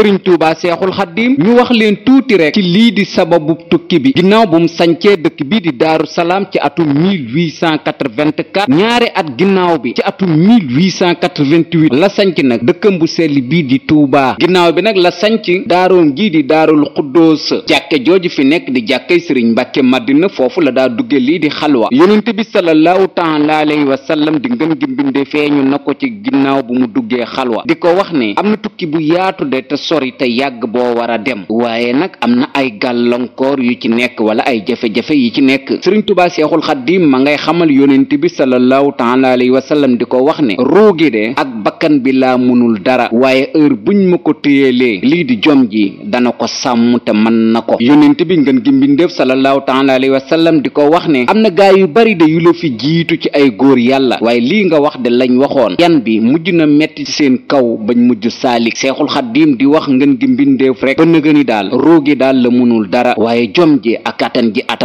sëriñ Touba Seexul Xaddiim ñu wax leen tuuti rek ci lii di sababu tukki bi ginnaaw bu mu sancee dëkk bii di Daaru Salaam ci atum 1884 ñaari at ginnaaw bi ci atum 1888 la sanc nag dëkkam bu sell bii di Touba ginnaaw bi nag la sanc daaroom gii di Daarul Xuddoos jàkke jooju fi nekk di jàkkey sëriñ Mbàkke Madina foofu la daa dugge lii di xalwa yonent bi sallallahu taala alayhi wa sallam di ngëm gi mbindee feeñu na ko ci ginnaaw bu mu duggee xalwa di ko wax ne am na tukki bu yaatu sori te yàgg boo war a dem waaye nag am na ay gàllankoor yu ci nekk wala ay jafe-jafe yi ci nekk sëriñ tubaa seexul xaddim ma ngay xamal yonent bi sallallahu taala alayhi wa sallam di ko wax ne ruu gi ak bakkan bi laa mënul dara waaye heure buñ ma ko téyelee lii di jom ji dana ko sàmm te mën na ko yonent bi ngeen gi mbindeef sallallahu taala alayhi wa sallam di ko wax ne am na gaa yu bari de yu la fi jiitu ci ay góor yàlla waaye lii nga wax de lañ waxoon yan bi mujj na metti seen kaw bañ mujj saalik seexul xaddim di wax wax ngeen gi mbindeef rek ba nëgëni daal ruugi daal la munul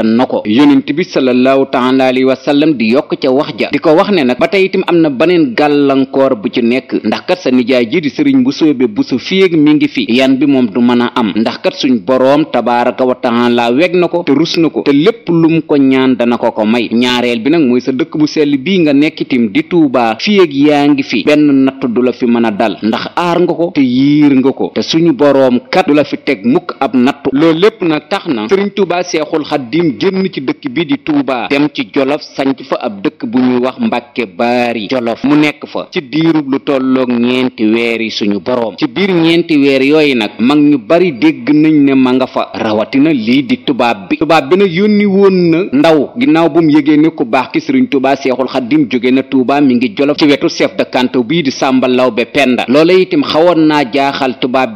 na ko yonent bi sallallahu taala alayhi wa sallam di yokk ca wax ja di ko wax ne nag ba tey itam am na baneen gàllankoor bu ci nekk ndax kat sa nijaay ji di sëriñ bu soobe bu su fieg mi ngi fi yan bi moom du mën a am ndax kat suñ boroom tabaraka wa taala weg na ko te rus na ko te lépp lum ko ñaan dana ko ko may ñaareel bi nag mooy sa dëkk bu sell bii nga nekk itam di tuubaa fieg yaa ngi fi benn natt du la fi mën a dal ndax aar nga ko te yiir nga ko te suñu boroom kat du la fi teg mukk ab nattu loolu lépp nag tax na sëriñ tuuba seexul xaddim génn ci dëkk bi di tuuba dem ci jolof sanc fa ab dëkk bu ñuy wax mbàkke bari jolof mu nekk fa ci biir lu tolloog ñeenti weer yi suñu boroom ci biir ñeenti weer yooyu nag mag ñu bari dégg nañ ne ma nga fa rawatina lii di tubaab bi tubaab bi nag yónni woon na ndaw ginnaaw bu mu yégee ne ku baax ki sëriñ tuuba seexul xaddim jóge na tuuba mi ngi jolof ci wetu chef de bii di sàmba lawbe penda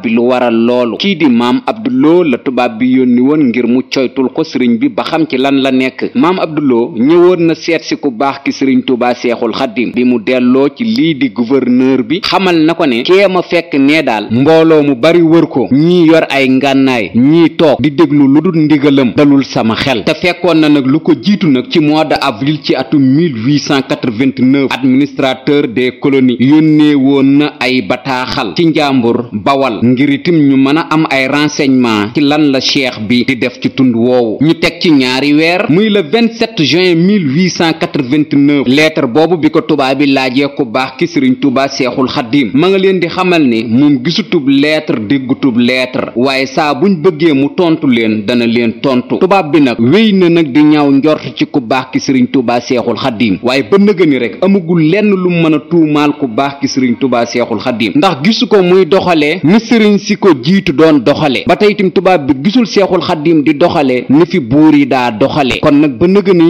tubaab bi lu waral loolu kii di maam abduloo la tubaab bi yónni woon ngir mu coytul ko sëriñ bi ba xam ci lan la nekk maam abduloo ñëwoon na seet si ku baax ki sëriñ tubaa seexul xaddim bi mu delloo ci lii di gouverneur bi xamal na ko ne kee ma fekk nee daal mbooloo mu bari wër ko ñii yor ay ngànnaay ñii toog di déglu lu dul ndigalam dalul sama xel te fekkoon na nag lu ko jiitu nag ci mois de avril ci atum 1889 administrateur de colonies yónnee woon na ay bataaxal ci njàmbur ngir itam ñu mën a am ay renseignement ci lan la cheikh bi di def ci tund woowu ñu teg ci ñaari weer muy le 27 7 juin 1889 lettre boobu bi ko tubaab bi laajee ku baax ki sëriñ Tuubaa Seexul Xaddiim ma nga leen di xamal ni moom gisutub lettre déggutub lettre waaye saa buñ bëggee mu tontu leen dana leen tontu tubaab bi nag wéy na nag di ñaaw njort ci ku baax ki sëriñ Tuubaa Seexul Xaddiim waaye ba nëga ni rek amagul lenn lu mën a tuumaal ku baax ki sëriñ Tuubaa Seexul Xaddiim ndax gisu ko muy doxalee ni sëriñ si ko jiitu doon doxalee ba tey tubaab bi gisul Seexul Xaddiim di doxalee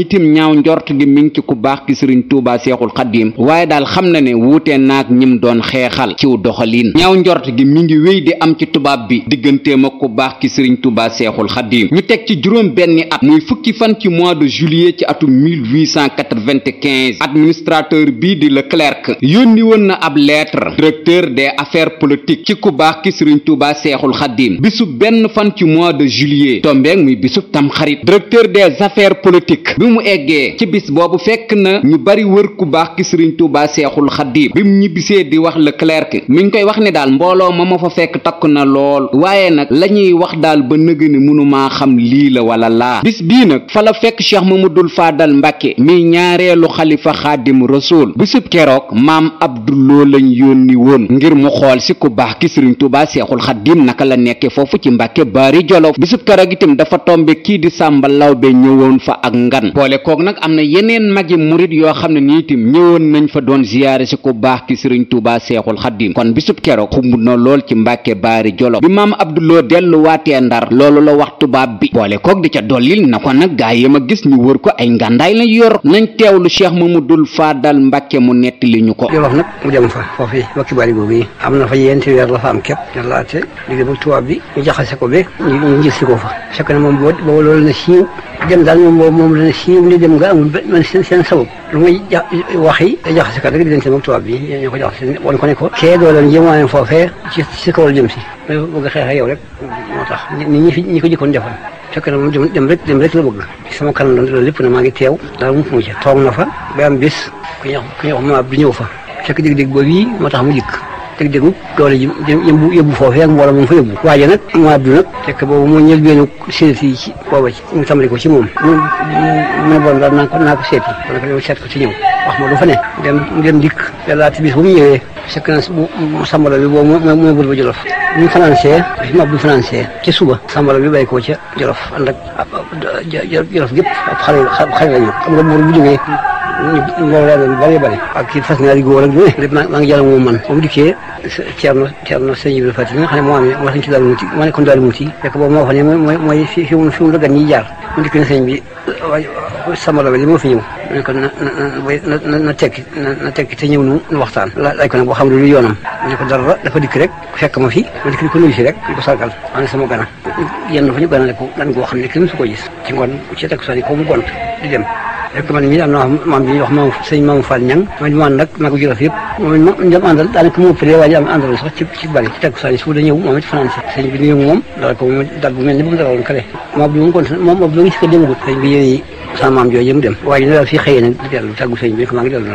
itam ñaaw njort gi mi ngi ci ku baax ki sëriñ tuubaa seexul xaddiim waaye daal xam na ne wuute naag ñim doon xeexal ciw doxaliin ñaaw njort gi mi ngi wéy di am ci tubaab bi digganteem ak ku baax ki sëriñ tuubaa seexul xaddiim ñu teg ci juróom benni at muy fukki fan ci mois de juillet ci atum 1895 administrateur bii di Leclerc yónni woon na ab leetre directeur des affaires politiques ci ku baax ki sëriñ tuubaa seexul xaddiim bisu benn fan ci mois de juillet tombeeg muy bisub tamxarit directeur des affaires politiques bi mu eggee ci bis boobu fekk na ñu bari wër ku baax ki sëriñ Tuubaa seexul xaddiim bi mu ñibbisee di wax la clerc mi ngi koy wax ni daal mbooloo ma ma fa fekk takk na lool waaye nag la ñuy wax daal ba nëg ni mënumaa xam lii la wala laa bis bii nag fa la fekk cheikh dul faadal mbàkke mi ñaareelu xalifa xaadim rasuul bisub keroog maam abdu loo lañ yónni woon ngir mu xool si ku baax ki sëriñ Tuubaa seexul xaddiim naka la nekkee foofu ci mbàkke baari jolof bisub keroog ak ngan boppam mm-hmm. boole koog nag am na yeneen magi murit yoo xam ne nii itam ñëwoon nañ fa doon ziyaare si ku baax ki sëriñ Tuubaa Seexul Xadiim kon bisub keroog xumb na lool ci Mbàkke Baari Jolof bi maam Abdu Lo delluwaatee Ndar loolu la wax tubaab bi boole kook di ca dollil na ko nag gaa yi ma gis ñu wër ko ay ngàndaay la yor nañ teewlu Cheikh Mamadul Faadal Mbàkke mu nett li ñu ko Jolof nag mu dem fa foofu Mbàkke Baari yi am na fa yenti weer la fa am bi ñu jaxase ko ba ñu gis ko fa fekk na moom boobu loolu na siiw dem daal moom moom moom la ne si li dem nga amul ba man seen seen sabab lu muy ja wax yi da jaxase kat rek di leen seen ak tubaab bi ñoo ko jaxase wan ko ne ko kee doo leen jéem waaye foofee ci si kawal jëm si may bëgg a xeex yow rek moo tax nit ñi fi ñi ko jëkkoon defoon fekk na moom dem rek dem rek la bëgg sama kanam la loolu lépp na maa ngi teew daal mu mu ci toog na fa ba am bis ku ñuy wax ku ñuy wax ma du ñëw fa fekk dégg-dégg boobu yi moo tax mu dikk teg déggu doole ji yóbbu yóbbu foofee ak mbooloo moom fa yóbbu waaye nag mu àddu nag fekk boobu moo ñël beenu séet ci booba ci mu tàmbali ko ci moom mu mu bon daal naa ko seeti kon seet ko ci ñëw wax ma lu fa ne dem dem dikk yàlla bis bu mu ñëwee fekk na sambalo bi boobu mooy bul ba Jolof ñu financé bi ma Abdou financé ci suba sambalo bi bàyyi ko ca Jolof ànd ak Jolof gépp ab xale xale la ñu xam nga bu jógee ñu góor laa doon bëree bëri ak ci fas naa di góor ak lu ne lépp maa ngi jàll moom man ba mu dikkee Ceerno Ceerno sëñ Ibrahima Fati mi nga xam ne moo amee moo sëñ ci Daaru Muti moo nekkoon Daaru Muti fekk boobu moo fa ne mooy mooy fi fi mu fi mu la gan ñiy jaar mu dikkee ne sëñ bi sama la li moo na na na tekki na tekki te ñëw nu nu waxtaan laaj ko nag boo xam ne lu yoonam ne ko dara dafa dikk rek fekk ma fi ma dikk di ko nuyu si rek di ko sargal xam ne sama gana yenn fa ñu ganale ko gan goo xam ne kenn su ko gis ci ngoon ci teg soni ko mu gont di dem fekk man mii daan na wax maam bi ñuy maam sëñ Ñang ma ñu ànd ak mag Jolof yëpp moom ñu dem àndal daanaka moo ëppale waaye am àndal sax ci ci bari ci tegu saa yi su da ñëw moom fanaan si sëñ bi nuyu moom dal ko dal bu mel ni bu mu daloon kale moom bi mu ko moom moom bi ngi si ko démagut sëñ bi yéen yi sama maam jooju mu dem waaye dina daal fii xëyee nag di dellu tàggu sëñ bi xamaa ngi dellu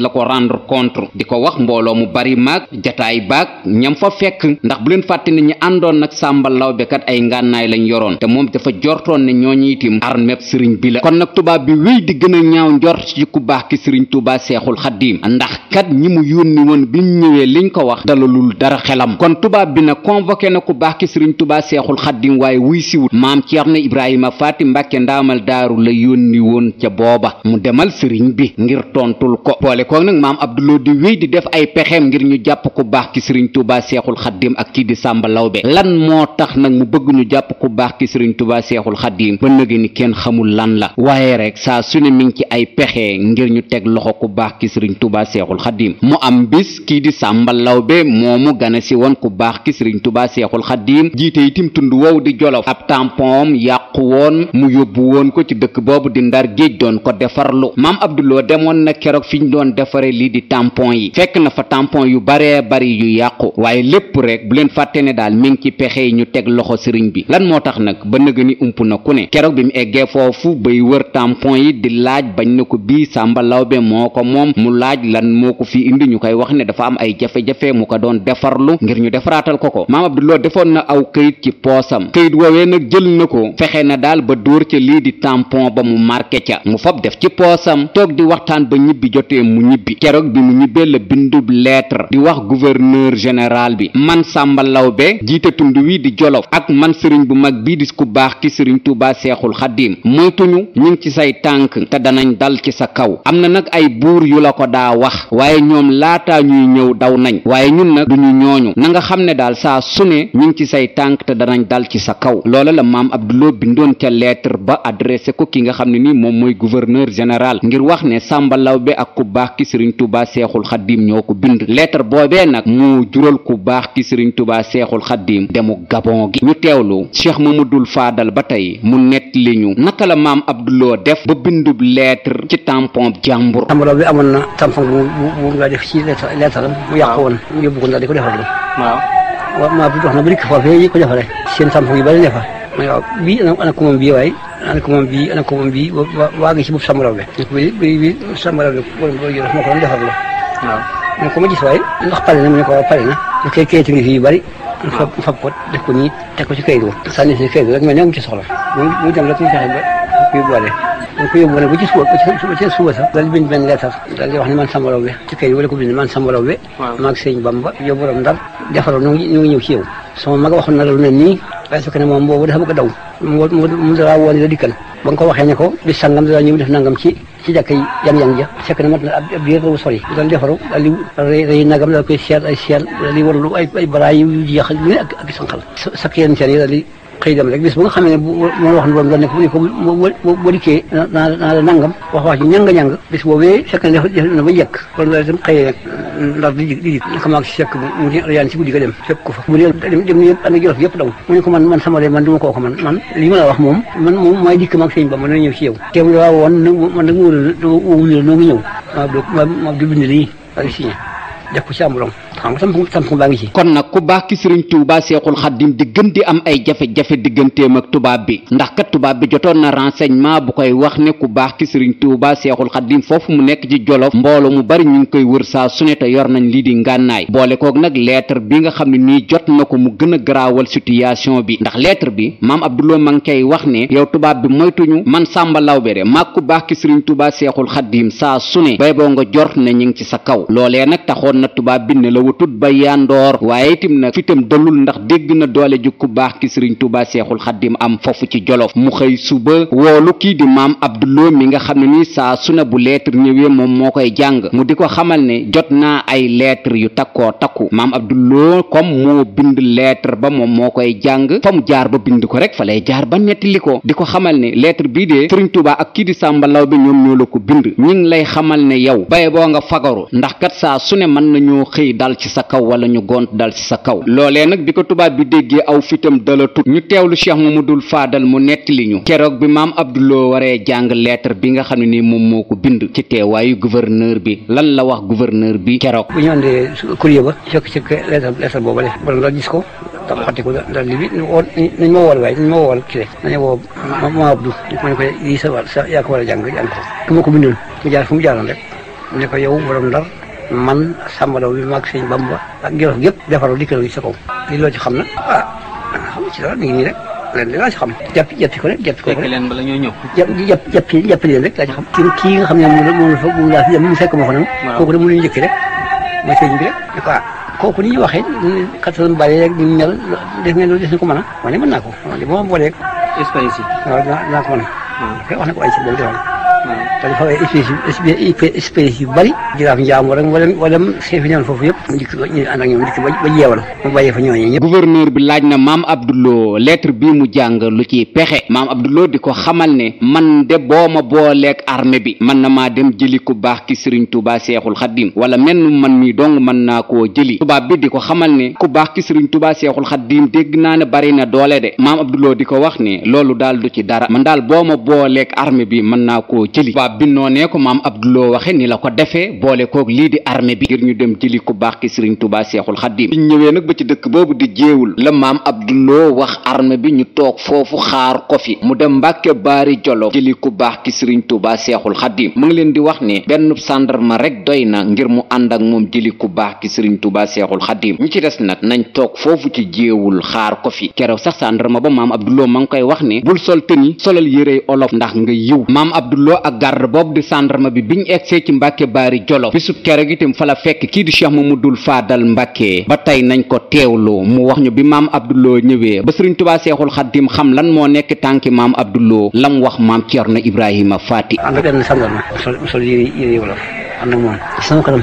la ko rendre compte di ko wax mbooloo mu bari maag jataay baag ñam fa fekk ndax bu leen fàtte ne ñi àndoon nag Sàmba Lawbe kat ay ngànnaay lañ yoroon te moom dafa jortoon ne ñooñu itim armée sëriñ bi la kon nag tubaab bi wéy di gën a ñaaw njort ci ku baax ki sëriñ Tuubaa Seexul Xadiim ndax kat ñi mu yónni woon bi mu ñëwee liñ ko wax dalalul dara xelam kon tubaab bi nag convoqué na ku baax ki sëriñ tubaa seexul xaddim waaye wuy siwut maam ceerno ibrahima faati mbàkke ndaamal daaru la yónni woon ca booba mu demal sëriñ bi ngir tontul ko boole ko nag maam abduloo di wéy di def ay pexeem ngir ñu jàpp ku baax ki sëriñ tubaa seexul xaddim ak kii di sàmba law lawbe lan moo tax nag mu bëgg ñu jàpp ku baax ki sëriñ tubaa seexul xaddim ba nëgë kenn xamul lan la waaye rek saa mi ngi ci ay pexe ngir ñu teg loxo ku baax ki sëriñ tubaa seexul lawbe moomu gane si woon ku baax ki sëriñ tubaa seexul xaddiim jiite itim tund wow di jolof ab tampon yàqu woon mu yóbbu woon ko ci dëkk boobu di ndar géej doon ko defarlu maam abduloo demoon na keroog fi ñu doon defare lii di tampon yi fekk na fa tampon yu baree bari yu yàqu waaye lépp rek bu leen fàtte ne daal mi ci pexe yi ñu teg loxo sëriñ bi lan moo tax nag ba nëga ni ump na ku ne keroog bi mu eggee foofu bay wër tampon yi di laaj bañ na ko bii sàmba lawbe moo ko moom mu foofee mu ko doon defarlu ngir ñu defaraatal ko ko maam Abdou Lo defoon na aw këyit ci poosam këyit woowee nag jël na ko fexe na daal ba dóor ca lii di tampon ba mu marqué ca mu fab def ci poosam toog di waxtaan ba ñibbi jotee mu ñibbi keroog bi mu ñibbee la bindub lettre di wax gouverneur général bi man Samba Lawbe jiite tund wi di Jolof ak man sëriñ bu mag bii di ku baax ki sëriñ Tuubaa Seexul Xadiim moytuñu ñu ci say tànk te danañ dal ci sa kaw am na waaye ñun nag duñu ñooñu na nga xam ne daal saa su ne ñu ngi ci say tànk te danañ dal ci sa kaw loola la maam Abdoulou bindoon ca lettre ba adressé ko ki nga xam ne nii moom mooy gouverneur général ngir wax ne Samba Lawbe ak ku baax ki Serigne Touba Seexul Xaddiim ñoo ko bind lettre boobee nag mu jural ku baax ki Serigne Touba Seexul Xaddiim demu Gabon gi ñu teew teewlu Cheikh Mamadou faadal ba tey mu nett li ñu naka la maam Abdoulou def ba bindub lettre ci tampon jàmbur. yóbbu ko ndax di ko defar lu waaw maa bi wax na ba dikk foofee yi ko defaree seen samp yu bëri ne fa ma ana ko moom bii waaye ana ko moom bii ana ko moom bii waa ngi si bopp sàmm rawle bi bi bi sàmm rawle ko doon defar lu waaw ma ne ko ma gis waaye ndax pare na mu ne ko waaw pare na da koy kayit ngi fi yu bëri fa fa pot def ko nii teg ci kayit wu sànni si kayit rek mel ne am ci soxla mu dem rek ñu fexe ba yóbbuwaale dañ ko yóbbu nag ba sa suba ba ci suba sax dal wax ne man sama raw bi ci kay wala man sama raw bi Bamba yow borom ndar defaroo nu ngi ñëw ci yow sama mag na la lu ne nii ko ne moom boobu dafa bëgg a daw mu dalaa woo ne la dikkal ba nga ko waxee ne na mat na ab biir bu sori defaru dal di nagam dal koy seet ay seet dal warlu ay ay baraay yu jeex ak ak sanqal sakkeen seen yi dal xëy dem rek bis bu nga xamee ne bu ma wax ne boobu doon nekk bu ne ko bu bu dikkee naa naa la nangam wax wax ji ñanga-ñang bis boobee fekk na def na ba njëkk kon loolu itam xëy rek euh, ndax di di di naka maag si fekk mu yaan si guddi ga dem fekk ko fa mu ne dem yëpp ànd ak jolof yëpp daw mu ne ko man man sama de man du ma koo ko man man li ma la wax moom man moom maay dikk maag sëñ ba man na ñëw ci yow teem la waa woon man nag wóolu wóolu noo ngi ñëw maa ma di bind lii ak signé def ko ci am kon nag ku baax ki sëriñ Tuubaa Seexul Xaddim di gën di am ay jafe-jafe digganteem ak tubaab bi ndax kat tubaab bi jotoon na renseignement bu koy wax ne ku baax ki sëriñ Tuubaa Seexul Xaddim foofu mu nekk ci Jolof mbooloo mu bari ñu ngi koy wër saa su te yor nañ lii di ngànnaay boole kook nag lettre bi nga xam ne nii jot na ko mu gën a garaawal situation bi ndax lettre bi maam Abdoulaye ma ngi koy wax ne yow tubaab bi moytuñu man Sàmba Lawbe de ki sëriñ Tuubaa Seexul Xaddim saa su ne bay na ñu ngi ci sa kaw nattu baa binne la wutut ba yandoor waaye itam nag fitam dalul ndax dégg na doole ju ku baax ki sëriñ Tuubaa Seexul Xaddim am foofu ci Jolof mu xëy suba woolu kii di maam Abduloo mi nga xam ne ni saa su bu lettre ñëwee moom moo koy jàng mu di ko xamal ne jot naa ay lettre yu takkoo takku maam Abduloo comme moo bind lettre ba moom moo koy jàng fa mu jaar ba bind ko rek fa lay jaar ba li ko di ko xamal ne lettre bii de sëriñ Tuubaa ak kii di Sàmba Law bi ñoom ñoo la lay xamal ne yow mën nañu xëy dal ci sa kaw wala ñu gont dal ci sa kaw loole nag bi ko tubaab bi déggee aw fitam dala tut ñu teew lu mamadul mu mu nettali ñu keroog bi maam abduloo waree jàng lettre bi nga xam ne ni moom moo ko bind ci teewaayu gouverneur bi lan la wax gouverneur bi keroog bu ñu andee courrier ba jokk ci lettre boobale wala la gis ko da bi nañ ma wool yaa ko war a jàng jàng ko ko bindoon mu jaar fu mu jaaroon rek ne ko yow borom ndar man sàmbalaw bi mag sëñ bamba ak jolof gépp defaru dikkalu ci sa kaw li loo ci xam na ah xam ci dara mi ngi nii rek leen laa ci xam jàpp jàpp ko rek jàpp ko rek leen bala ñoo ñëw jàpp jàpp jàpp leen rek laa kii xam ne moom la fa moom laa fi mu fekk kooku de mu ñu njëkki rek ma sëñ bi rek ne ko ah kooku ni ñu waxee kattan bari rek ñu mel def ngeen loolu des ko mën a ma naa ko li ma boolee waaw dinaa ko mën a wax na ko ay si boobu dañ fa ay espèces yu bëri jiraaf njaambur rek foofu yëpp mu dikk ñu ànd ak ñoom dikk ba bi laaj na maam Abdoulou lettre bi mu jàng lu ci pexe maam Abdoulou di ko xamal ne man de boo ma booleeg armée bi man na maa dem jëli ku baax ki Serigne Touba Seexul Xaddim wala menn man mi dong mën naa koo jëli tubaab bi di ko xamal ne ku baax ki Serigne Touba Seexul Xaddim dégg naa ne bari na doole de maam Abdoulou di ko wax ni loolu dal du ci dara man daal boo ma booleeg armée bi mën naa koo jëli tubaab bi noonee ko maam abduloo waxe ni la ko defee boole koog lii di armée bi ngir ñu dem jëli ku baax ki sëriñ tubaa seexul xaddim biñ ñëwee nag ba ci dëkk boobu di jéewul la maam abduloo wax armée bi ñu toog foofu xaar ko fi mu dem mbàkke baari jolof jëli ku baax ki sëriñ tubaa seexul xaddim mu ngi leen di wax ni benn sàndarma rek doy na ngir mu ànd ak moom jëli ku baax ki sëriñ tubaa seexul xaddim ñi ci des nag nañ toog foofu ci jéewul xaar ko fi keroog sax sàndarma ba maam abduloo ma ngi koy wax ni bul sol tëni solal yérey olof ndax nga yiw maam abduloo ak gar gendarme boobu di gendarme bi biñ egsee ci mbàkke baari jolof bisub keroog itam fa la fekk kii di cheikh mamadul faadal mbàkke ba tey nañ ko teewlu mu wax ñu bi maam abduloo ñëwee ba sëriñ tubaa seexul xaddim xam lan moo nekk tànki maam abduloo lam wax maam ceerno ibrahima faati ànd ak ma sol sol yére yére wolof ànd ak moom sama kanam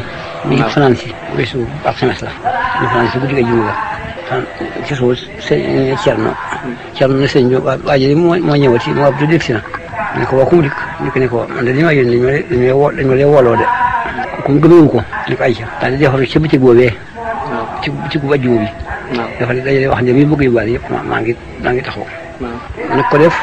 ñu fanaan si weesu ab a la ñu fanaan a guddi ga juma la ah ci suuf Thierno Thierno na sëñ bi moo ñëwati moo ab du dégg si na ne ko dikk ñu ne ko man de li ma yónni dañu may woo dañu may wooloo de. comme gëmëwu ko ñu ko ayca daal di defaru ci bëccëg boobee. ci ci bu ajjuma bi. dafa ne dañu wax ne mi bëgg yu bari yëpp maa ngi maa ngi taxaw. def.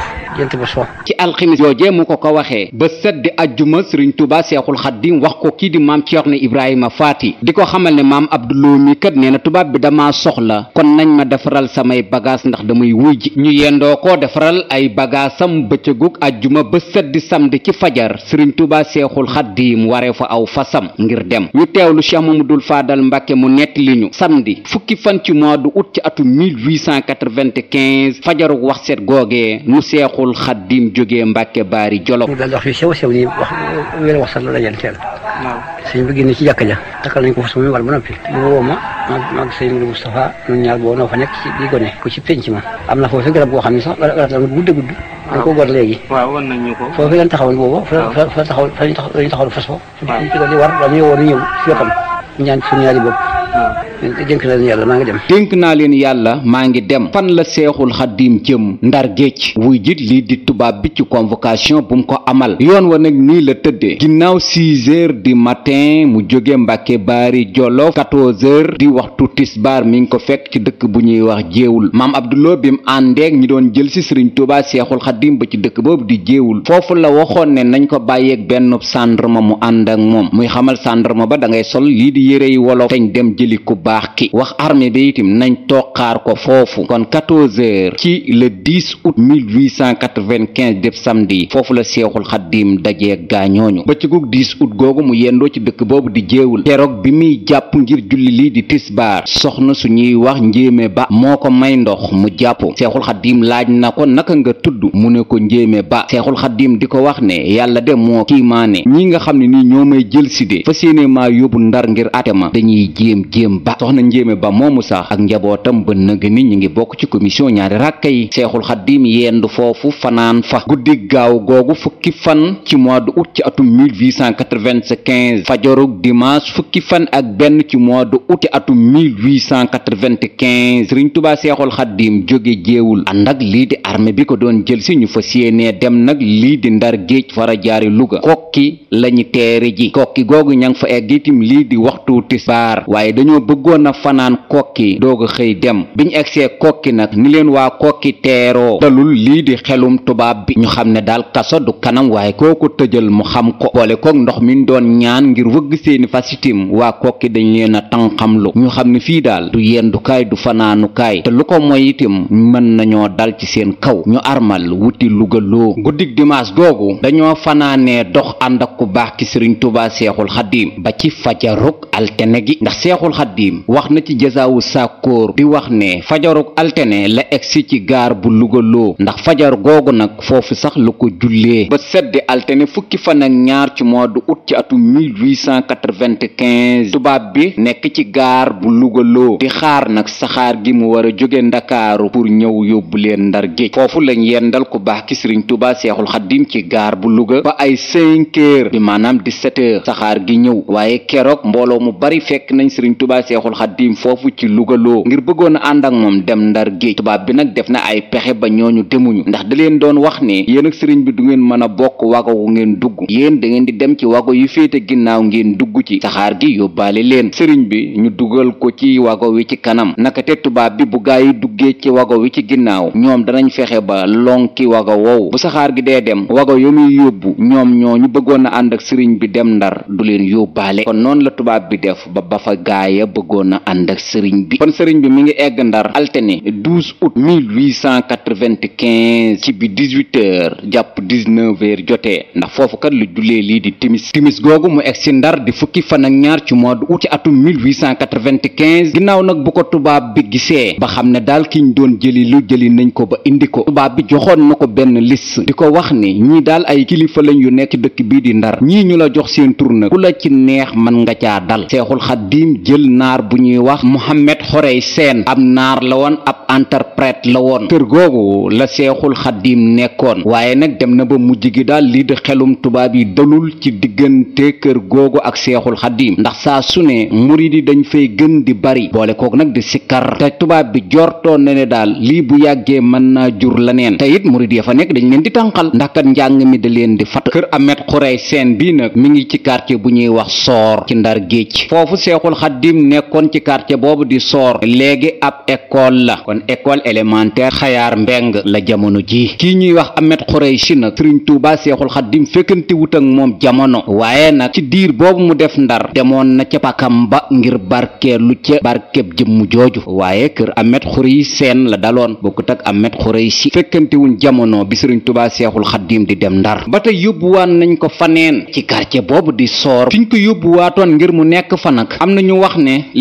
ci alximis joojee mu ko ko waxee ba set di ajjuma sëriñ tuba seexul xaddim wax ko kii di maam ibraahima Ibrahima yi di ko xamal ne maam Abdoulou mi kat nee na tubaab bi dama soxla kon nañ ma defaral samay bagage ndax damay wuy ji ñu yendoo ko defaral ay bagaasam bëccëgug ajjuma ba set di samedi ci fajar sëriñ tuba seexul xaddim waree fa aw fasam ngir dem ñu teewlu Cheikh dul Fadal Mbàkke mu nett li ñu samedi fukki fan ci mois d'août ci atum 1895 fajarug wax set googee nu seexul seexul xaddim jógee mbàkke baari jolof mu daal wax yu sew sew nii wax wér wax sax la dajal teel sëñ bi génn ci jàkka ja takkal nañ ko fa sama war ba noppi mu woo ma maag sëñ Modou Moustapha ñun ñaar boo noo fa nekk ci di gone ko ci penc ma am na foofu garab goo xam ne sax garab la gudd gudd dañ ko gor léegi waaw wan nañ ñu ko foofu lañ taxawal boobu fa fa taxawal fa lañ taxawal fas fa ci ko di war dañuy woo ñu ñëw si wetam ñaan suñu ñaari bopp dénk naa leen yàlla maa ngi dem. naa leen yàlla maa ngi dem fan la seexul xaddiim jëm ndar géej wuy jit lii di tubaab bi ci convocation bu mu ko amal yoon wa nag nii la tëddee ginnaaw 6 heures di matin mu jóge Mbàkke Baari Jolof 14 heures di waxtu tisbaar mi ngi ko fekk ci dëkk bu ñuy wax jéewul maam Abdoulo bi mu àndeeg ñi doon jël si Sëriñ Tuubaa seexul xaddiim ba ci dëkk boobu di jéewul foofu la waxoon ne nañ ko bàyyeek benn sàndarma mu ànd ak moom muy xamal sàndarma ba da baax ki wax armée bi itam nañ toqaar ko foofu kon 14 heures ci le 10 août 1895 def samedi foofu la seexul xaddiim dajee gaañooñu ba ci gug 10 août googu mu yendoo ci dëkk boobu di jéewul teroog bi muy jàpp ngir julli lii di tisbaar soxna suñuy wax njéeme ba moo ko may ndox mu jàpp seexul xaddiim laaj na ko naka nga tudd mu ne ko njéeme ba seexul xaddiim di ko wax ne yàlla de moo kiimaane ñi nga xam ne nii ñoo may jël si de fas yóbbu ndar ngir atema dañuy jéem jéem ba soxna njéeme ba moomu sax ak njabootam ba nëg ni ñu ngi bokk ci commission ñaari ràkka yi seexul xaddim yendu foofu fanaan fa guddi gaaw googu fukki fan ci mois de août ci atum 1895 fajorug dimanche fukki fan ak benn ci mois de août ci atum 1895 sëriñ tubaa seexul xaddim jóge jéewul ànd ak lii di armée bi ko doon jël si ñu fas yéenee dem nag lii di ndar géej fara jaari luga kokki lañu teere ji kokki googu ña fa egg itam lii di waxtu tisbaar waaye dañoo bëgg bëggoon a fanaan kokki doog a xëy dem biñ egsee kokki nag ni leen waa kokki teeroo dalul lii di xelum tubaab bi ñu xam ne daal kaso du kanam waaye koo ko mu xam ko boole kook ndox mi miñ doon ñaan ngir wëgg seeni fasitim waa kokki dañ leen a tànqamlu ñu xam ne fii daal du yendukaay du fanaanukaay te lu ko moy itim mën nañoo dal ci seen kaw ñu armal wuti lugaloo guddig dimanche googu dañoo fanaane dox ànd ak ku baax ki sëriñ tubaa seexul xaddiim ba ci fajarug altene gi ndax seexul xaddiim wax na ci jasaawu sàkkoor bi wax ne fajaruk altene la egsi ci gaar bu Louga loo ndax fajar googu nag foofu sax lu ko jullee ba sedd altene fukki fan ak ñaar ci mois de août ci atum 1895 tubaab bi nekk ci gaar bu Louga loo di xaar nag saxaar gi mu war a jóge ndakaaru pour ñëw yóbbu leen ndar géej foofu lañ yendal ko baax ki sëriñ Tuubaa Seexul Xaadim ci gaar bu Louga ba ay cinq bi maanaam di heures saxaar gi ñëw waaye keroog mbooloo mu bari fekk nañ sëriñ Tuubaa Seexul seexul foofu ci lugaloo ngir bëggoon a ànd ak moom dem ndar géej tubaab bi nag def na ay pexe ba ñooñu demuñu ndax da leen doon wax ni yéen ak sëriñ bi du ngeen mën a bokk wago gu ngeen dugg yéen da ngeen di dem ci wago yu féete ginnaaw ngeen dugg ci saxaar gi yóbbaale leen sëriñ bi ñu dugal ko ci wago wi ci kanam naka te tubaab bi bu gaa yi duggee ci wago wi ci ginnaaw ñoom danañ fexe ba lonki wago woowu bu saxaar gi dee dem wago yu muy yóbbu ñoom ñooñu bëggoon a ànd ak sëriñ bi dem ndar du leen yóbbaale kon noonu la tubaab bi def bëggoon a ànd ak sëriñ bi kon sëriñ bi mi ngi egg ndar altene 12 août 1895 ci bi 18 heures jàpp 19 heures jotee ndax foofu kat lu jullee lii di timis timis googu mu egg si ndar di fukki fan ak ñaar ci mois d'août ci atum 1895 ginnaaw nag bu ko tubaab bi gisee ba xam ne daal ki ñu doon jëli lu jëli nañ ko ba indi ko tubaab bi joxoon na ko benn lis di ko wax ni ñii daal ay kilifa lañ yu nekk dëkk bii di ndar ñii ñu la jox seen tur ku la ci neex mën nga caa dal seexul xaddiim jël bu ñuy wax Mohammed Xorey Seen ab naar la woon ab interprète la woon kër googu la seexul xaddiim nekkoon waaye nag dem na ba mujj gi daal lii di xelum tubaab yi dalul ci diggante kër googu ak seexul xaddiim ndax saa su ne murid yi dañ fay gën di bari boole kook nag di sikkar te tubaab bi jortoon na ne daal lii bu yàggee mën naa jur la te it murid ya fa nekk dañ leen di tànqal ndax kat njàng mi da leen di fat kër Ahmed Xorey Seen bii nag mi ngi ci quartier bu ñuy wax soor ci Ndar Géej nekkoon ci quartier boobu di soor léegi ab école la kon école élémentaire xayaar mbeng la jamono ji kii ñuy wax Ahmed Khurayshi nag Sëriñ Tuubaa Seexul Xaddim fekkante wut ak moom jamono waaye nag ci diir boobu mu def ndar demoon na ca pakam ba ngir barkeelu ca barkeb jëmm jooju waaye kër Ahmed Khurayshi seen la daloon bokkut ak Ahmed Khurayshi fekkante wuñ jamono bi Sëriñ Tuubaa Seexul Xaddim di dem ndar ba tey yóbbuwaan nañ ko faneen ci quartier boobu di soor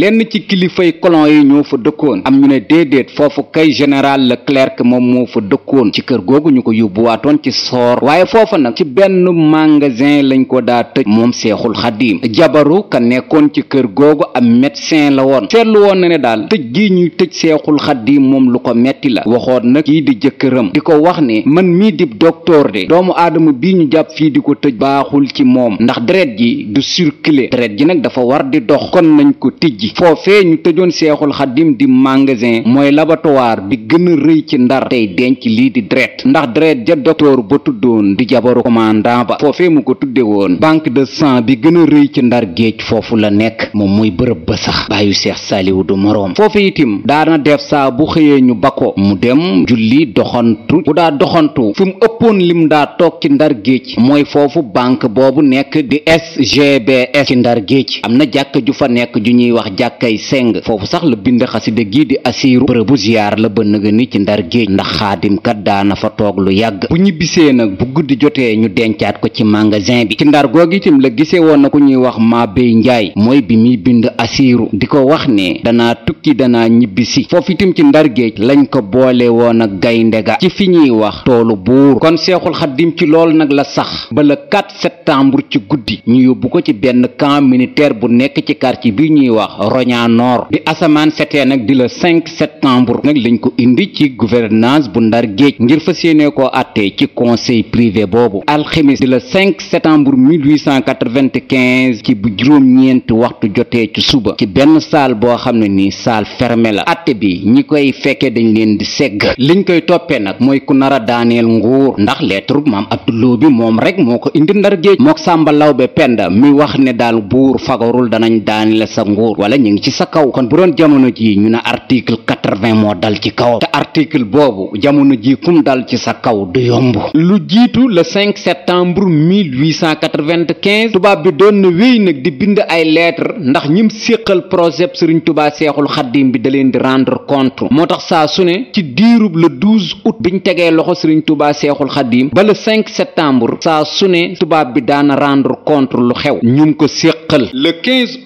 lenn ci kilifay colon yi ñoo fa dëkkoon am ñu ne déedéet foofu kay général Leclerc moom moo fa dëkkoon ci kër googu ñu ko yóbbuwaatoon ci soor waaye foofa nag ci benn magasin lañ ko daa tëj moom seexul xadiim jabaru ka nekkoon ci kër googu am médecin la woon seetlu woon na ne daal tëj gi ñuy tëj seexul xadiim moom lu ko metti la waxoon nag kii di jëkkëram di ko wax ni man mii di docteur de doomu aadama bii ñu jàpp fii di ko tëj baaxul ci moom ndax deret ji du circuler deret ji nag dafa war di kon nañ ko tijji foofee ñu tëjoon seexul xadim di magasin mooy laboratoire bi gën a rëy ci ndar tey denc lii di dret ndax dret ja docteur ba tuddoon di jabaru commandant ba foofee mu ko tudde woon banque de sang bi gën a rëy ci ndar géej foofu la nekk moom mooy bërëb ba sax bàyyu seex saaliwu du moroom foofe itim daana def saa bu xëyee ñu bako mu dem julli doxantu bu daa doxantu fu mu ëppoon lim daa toog ci ndar géej mooy foofu banque boobu nekk di sgbs ci ndar géej am na jàkk ju fa nekk ju ñuy jàkkay seng foofu sax la bind xasida gii di asiiru bërëbu ziyaar la ba nëga ni ci ndar géej ndax xaadim kat daana fa toog lu yàgg bu ñibbisee nag bu guddi jotee ñu dencaat ko ci magasin bi ci ndar googu itam la gisee woon na ku ñuy wax maa béy njaay mooy bi muy bind asiiru di ko wax ne danaa tukki danaa ñibbisi foofu itam ci ndar géej lañ ko boole woon ak gaynde ga ci fi ñuy wax toolu buur kon seexul xaddim ci lool nag la sax ba le 4 septembre ci guddi ñu yóbbu ko ci benn camp militaire bu nekk ci quartier bi ñuy wax Roña Nord bi asamaan setee nag di la 5 septembre nag lañ ko indi ci gouvernance bu ndar géej ngir fa yéene ko àttee ci conseil privé boobu alxemis di le 5 septembre 1895 ci bu juróom-ñeenti waxtu jotee ci suba ci benn salle boo xam ne nii salle fermée la àtte bi ñi koy fekkee dañ leen di segg liñ koy toppee nag mooy ku nar a daaneel nguur ndax lettre maam Abdullo bi moom rek moo ko indi ndar géej mook Sàmba Lawbe Penda mi wax ne daal buur fagarul danañ da sa Sénégalais ñu ngi ci sa kaw kon bu doon jamono jii ñu ne article quatre-vingt moo dal ci kawam te article boobu jamono jii kum dal ci sa kaw du yomb lu jiitu le 5 septembre 1895 tubaab bi doon na wéy nag di bind ay lettre ndax ñim séqal projet Serigne tubaa Seexul Xaddim bi da leen di rendre compte moo tax saa su ne ci diirub le 12 août biñ tegee loxo Serigne tubaa Seexul Xaddim ba le 5 septembre saa su tubaab bi daana rendre compte lu xew ñum ko séqal le 15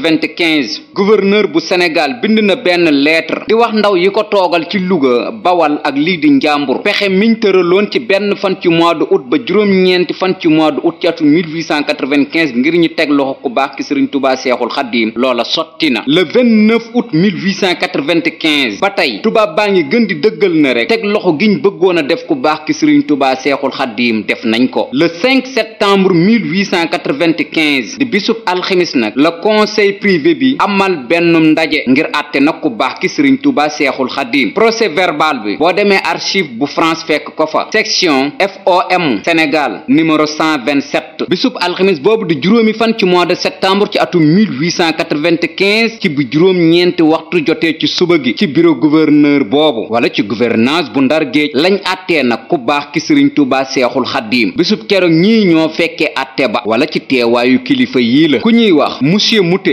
quatre-vingt-quinze gouverneur bu senegal bind na benn lettre di wax ndaw yi ko toogal ci Louga Bawal ak lii di Njàmbur pexe miñ tëraloon ci benn fan ci mois de août ba juróom-ñeenti fan ci mois de août ci atum 1895 ngir ñu teg loxo ku baax ki Sëriñ Tuubaa Seexul Xadiim loola sotti na le 29 août 1895 ba tey tubaab baa ngi gën di dëggal na rek teg loxo giñ bëggoon a def ku baax ki Sëriñ Tuubaa Seexul Xadiim def nañ ko le 5 septembre 1895 di bisub alxamis nag la conseil conseil privé bi amal benn ndaje ngir àtte na ku baax ki sëriñ tuuba seexul xadim procès verbal bi boo demee archive bu France fekk ko fa section FOM Sénégal numéro 127 bisub alxamis boobu di juróomi fan ci mois de septembre ci atum 1895 ci bi juróom ñeenti waxtu jotee ci suba gi ci bureau gouverneur boobu wala ci gouvernance bu ndar géej lañ àttee nag ku baax ki sëriñ tuuba seexul xadim bisub keroog ñii ñoo fekkee àtte ba wala ci teewaayu kilifa yii la ku ñuy wax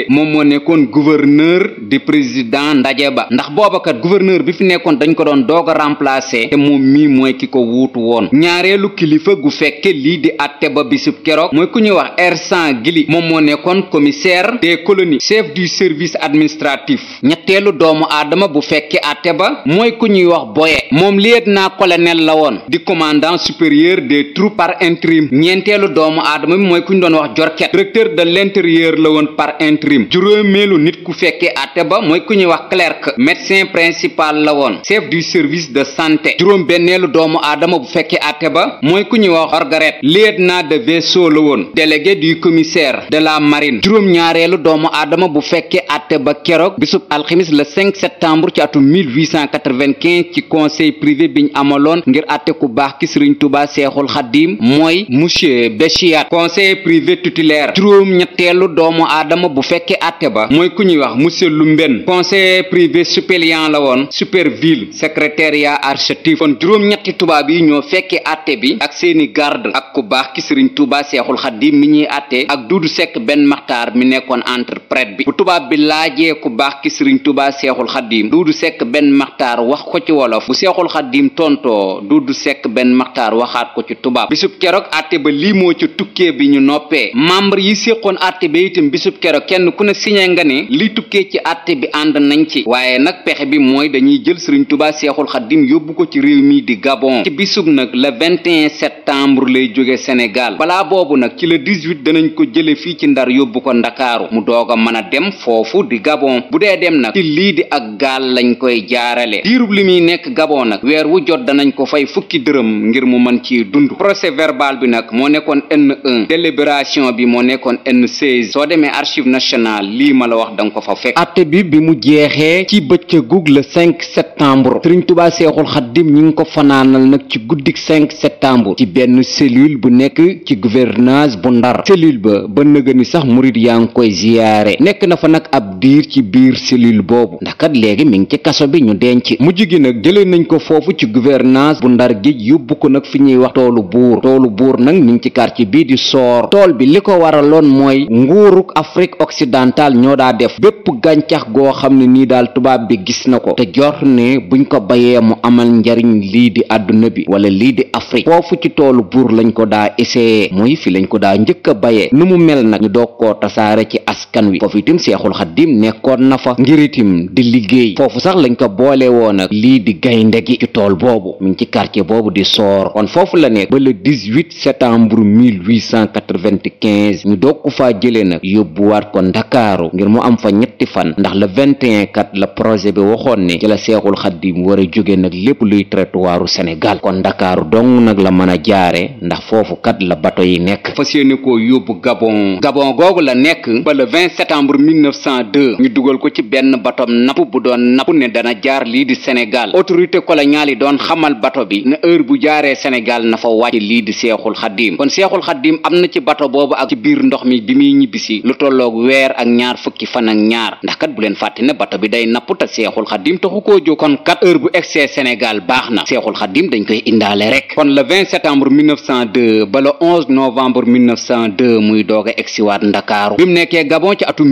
moom moo nekkoon gouverneur di président ndaje ba ndax booba kat gouverneur bi fi nekkoon dañu ko doon doog a te moom mii mooy ki ko wuutu woon ñaareelu kilifa gu fekk lii di atte ba bisub keroog mooy ku ñuy wax Ersan Gili moom moo nekkoon commissaire des colonies chef du service administratif ñetteelu doomu aadama bu fekke atte ba mooy ku ñuy wax Boye moom na colonel la woon di commandant supérieur des troupes par intérim ñeenteelu doomu aadama bi mooy ku ñu doon wax Jorket de l'intérieur la woon par intérim crime juróomeelu nit ku fekkee àtte ba mooy ku ñuy wax clerc médecin principal la woon chef du service de santé juróom benneelu doomu aadama bu fekkee àtte ba mooy ku ñuy wax orgaret na de vaisseau la woon délégué du commissaire de la marine juróom ñaareelu doomu aadama bu fekkee àtte ba keroog bisub alxamis le 5 septembre ci atum 1895 ci conseil privé biñ amaloon ngir àtte ku baax ki sëriñ Tuubaa Seexul Xaddiim mooy monsieur Béchiat conseil privé tutélaire juróom ñetteelu doomu aadama bu tekki ba mooy ku ñuy wax monsieur mbenn conseiller privé suppléant la woon Superville secrétariat architif kon juróom-ñetti tubaab yi ñoo fekki àtte bi ak seeni garde ak ku baax ki Sëriñ Tuubaa Seexul Xadiim mi ñuy àtte ak Duudu Sekk benn maxtaar mi nekkoon entre prêtre bi bu tubaab bi laajee ku baax ki Sëriñ Tuubaa Seexul Xadiim Duudu Sekk benn maxtaar wax ko ci wolof bu Seexul Xadiim tontoo Duudu Sekk benn maxtaar waxaat ko ci tubaab bisub keroog àtte ba lii moo ci tukkee bi ñu noppee membre yi séqoon ku ne signé nga ne li tukkee ci àtte bi ànd nañ ci waaye nag pexe bi mooy dañuy jël sëriñ tubaa seexul xaddim yóbbu ko ci réew mi di gabon ci bisub nag le 21 septembre lay jóge sénégal balaa boobu nag ci le 18 danañ ko jële fii ci ndar yóbbu ko ndakaaru mu doog a mën a dem foofu di gabon bu dee dem nag ci lii di ak gaal lañ koy jaarale diirub li muy nekk gabon nag weer wu jot danañ ko fay fukki dërëm ngir mu mën ci dund procès verbal bi nag moo nekkoon N1 bi moo nekkoon N16 soo demee archive nationale national lii ma la wax da nga ko fa fekk atte bi bi mu jeexee ci bëccëgug le 5 septembre sëriñ tubaa seexul xaddim ñi ngi ko fanaanal nag ci guddi 5 septembre ci benn cellule bu nekk ci gouvernance bu ndar cellule ba ba nëga ni sax murit yaa ngi koy ziyaare nekk na fa nag ab diir ci biir cellule boobu ndax kat léegi mi ngi ci kaso bi ñu denc mujj gi nag jëlee nañ ko foofu ci gouvernance bu ndar gi yóbbu ko nag fi ñuy wax toolu buur toolu buur nag mi ngi ci quartier bii bi li occidental ñoo daa def bépp gàncax goo xam ne nii daal tubaab bi gis na ko te jort ne buñ ko bayee mu amal njariñ lii di àdduna bi wala lii di Afrique foofu ci toolu buur lañ ko daa essayé muy fi lañ ko daa njëkk a bayee nu mu mel nag ñu doog koo tasaare ci askan wi foofu itam seexul xaddim nekkoon na fa ngir itam di liggéey foofu sax lañ ko boole woon ak lii di gaynde gi ci tool boobu mi ci quartier boobu di soor kon foofu la nekk ba le 18 septembre 1895 ñu doog ko faa jëlee nag yóbbuwaat kon ndakaaru ngir mu am fa ñetti fan ndax le 21 kat la projet bi waxoon ne ci la seexul xaddim war a jóge nag lépp luy trottoiru Sénégal kon ndakaaru dong nag la mën a jaare ndax foofu kat la bato yi nekk fa yéene koo yóbbu Gabon Gabon googu la nekk ba le 20 septembre 1902 ñu dugal ko ci benn batom napp bu doon napp ne dana jaar lii di Sénégal autorité coloniale yi doon xamal bato bi na heure bu jaaree Sénégal na fa wàcc lii di seexul xaddim kon seexul fanweer ak ñaar fukki fan ak ñaar ndax kat bu leen fàtte ne bato bi day napp seexul xadim taxu koo jóg kat heure bu egsee Sénégal baax na seexul xadim dañ koy indaale rek kon le septembre 1902 ba le 11 novembre muy doog a egsiwaat ndakaaru bi mu Gabon ci atum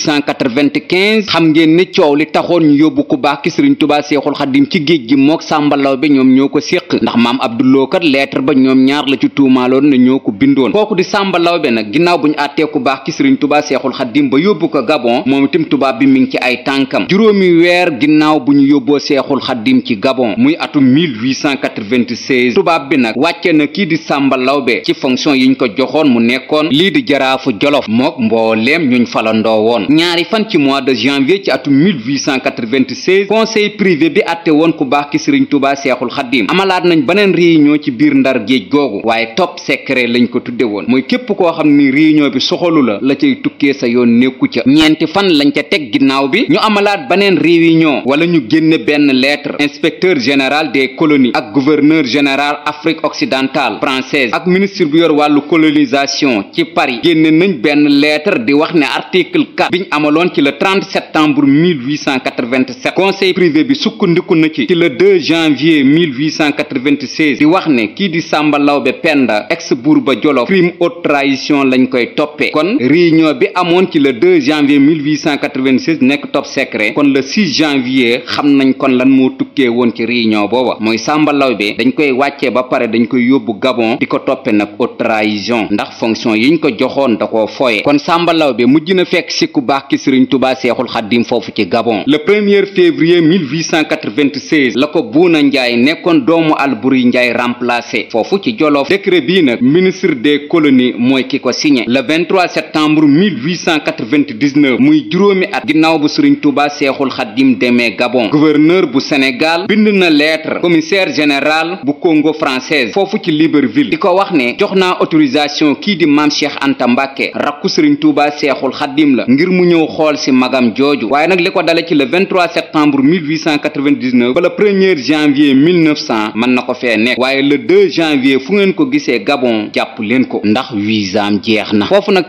xam ngeen ne coow li taxoon ñu yóbbu ku baax ki Sëriñ seexul xadim ci géej gi mook sàmbalaw bi ñoom ñoo ko séq ndax maam Abdulloo kat lettre ba ñoom ñaar la ci tuumaaloon ne ñoo ko bindoon kooku dimba yóbbu ko gabon moom itam tubaab bi mi ngi ci ay tànkam juróomi weer ginnaaw bu ñu yóbboo seexul xaddim ci gabon muy atum 1896 tubaab bi nag wàcce na kii di sàmba lawbe ci fonction yiñ ko joxoon mu nekkoon lii di jaraafu jolof mook mbooleem ñuñ falandoo woon ñaari fan ci mois de janvier ci atum 1896 conseil privé bi atte woon ku baax ki sëriñ tubaa seexul xaddim amalaat nañ beneen réunion ci biir ndar géej googu waaye top secret lañ ko tudde woon muy képp koo xam ni réunion sa yoon yoon nekku ca ñeenti fan lañ ca teg ginnaaw bi ñu amalaat baneen réunion wala ñu génne benn lettre inspecteur général des colonies ak gouverneur général Afrique occidentale française ak ministre bi yor wàllu colonisation ci Paris génne nañ benn lettre di wax ne article 4 biñ amaloon ci le 30 septembre 1887 conseil privé bi sukkandiku na ci ci le 2 janvier 1896 di wax ne kii di Samba Lawbe Penda ex Bourba Jolof crime haute traition lañ koy toppee kon réunion ci le 2 janvier 1896 nekk top secret kon le janvier xam nañ kon lan moo tukkee woon ci réunion booba mooy Samba Lawbe dañ koy wàccee ba pare dañ koy yóbbu Gabon di ko toppee nag haute trahison ndax fonction yiñ ko joxoon da koo fooye kon Samba Lawbe mujj na fekk si ku baax ki Sëriñ Tuubaa Seexul Xaddim foofu ci Gabon le 1 février la ko Buuna Njaay nekkoon doomu Alburi Njaay remplacé foofu ci Jolof décret bii nag ministre des colonies mooy ki ko signé le 23 1999 muy juróomi at ginnaaw bu sëriñ Touba Seexul Xaddim demee Gabon gouverneur bu Sénégal bind na lettre commissaire général bu kongo française foofu ci Libreville di ko wax ne jox naa autorisation kii di maam Cheikh Anta Mbàkke rakku sëriñ Touba Seexul Xaddim la ngir mu ñëw xool si magam jooju waaye nag li ko dale ci le 23 septembre 1899 ba le 1er janvier 1900 mën na ko fee nekk waaye le 2 janvier fu ngeen ko gisee Gabon jàpp leen ko ndax wiisaam jeex na foofu nag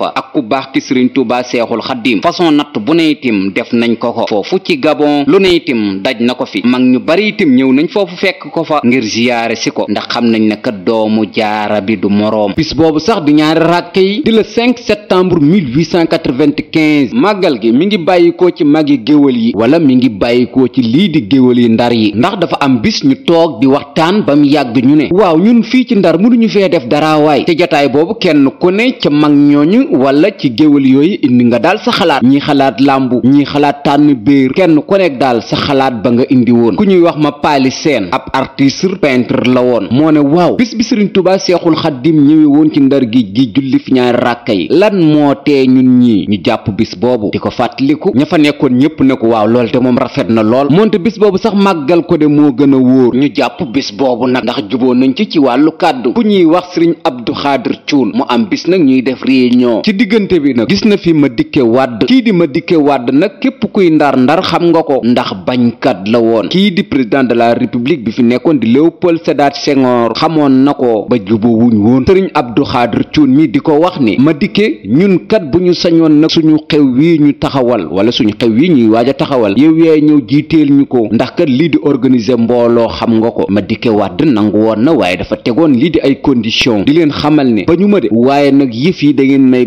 fa ak ku baax ki tuuba seexul xaddim façon natt bu ne itim def nañ ko ko foofu ci gabon lu ne itim daj na ko fi mag ñu bari itim ñëw nañ foofu fekk ko fa ngir ziyaare si ko ndax xam nañ ne kat doomu jaara bi du moroom bis boobu sax du ñaari ràkke yi di le 5 septembre 1895 màggal gi mi ngi bàyyikoo ci magi géwal yi wala mi ngi bàyyikoo ci lii di géwal yi ndar yi ndax dafa am bis ñu toog di waxtaan ba mu yàgg ñu ne waaw ñun fii ci ndar mënuñu fee def dara waay wala ci géwal yooyu indi nga daal sa xalaat ñi xalaat làmbu ñi xalaat tànn biir kenn ku daal sa xalaat ba nga indi woon ku ñuy wax ma paali seen ab artiste peintre la woon moo ne waaw bis bi sëriñ tubaa seexul xaddim ñëwe woon ci ndar géej gi julli fi ñaari ràkka yi lan moo tee ñun ñii ñu jàpp bis boobu di ko fàttaliku ña fa nekkoon ñépp ne ko waaw lool te moom rafet na lool moonte bis boobu sax màggal ko de moo gën a wóor ñu jàpp bis boobu nag ndax juboo nañ ci ci wàllu kàddu ku ñuy wax sëriñ abdu xaadir cuun mu am bis nag ñuy def réunion Gaston ci diggante bi nag gis na fi ma dikke wàdd kii di ma dikke wadd nag képp kuy ndar ndar xam nga ko ndax bañ bañkat la woon kii di président de la république bi fi nekkoon di Léopold Sédar Senghor xamoon na ko ba jubowuñ woon sëriñ Abdou Khadre Thioune mi di ko wax ni ma dikke ñun kat bu ñu sañoon nag suñu xew wi ñu taxawal wala suñu xew wi ñuy waaja taxawal yow yaay ñëw jiiteel ñu ko ndax kat lii di organiser mbooloo xam nga ko ma dikke wàdd nangu woon na waaye dafa tegoon lii di ay condition di leen xamal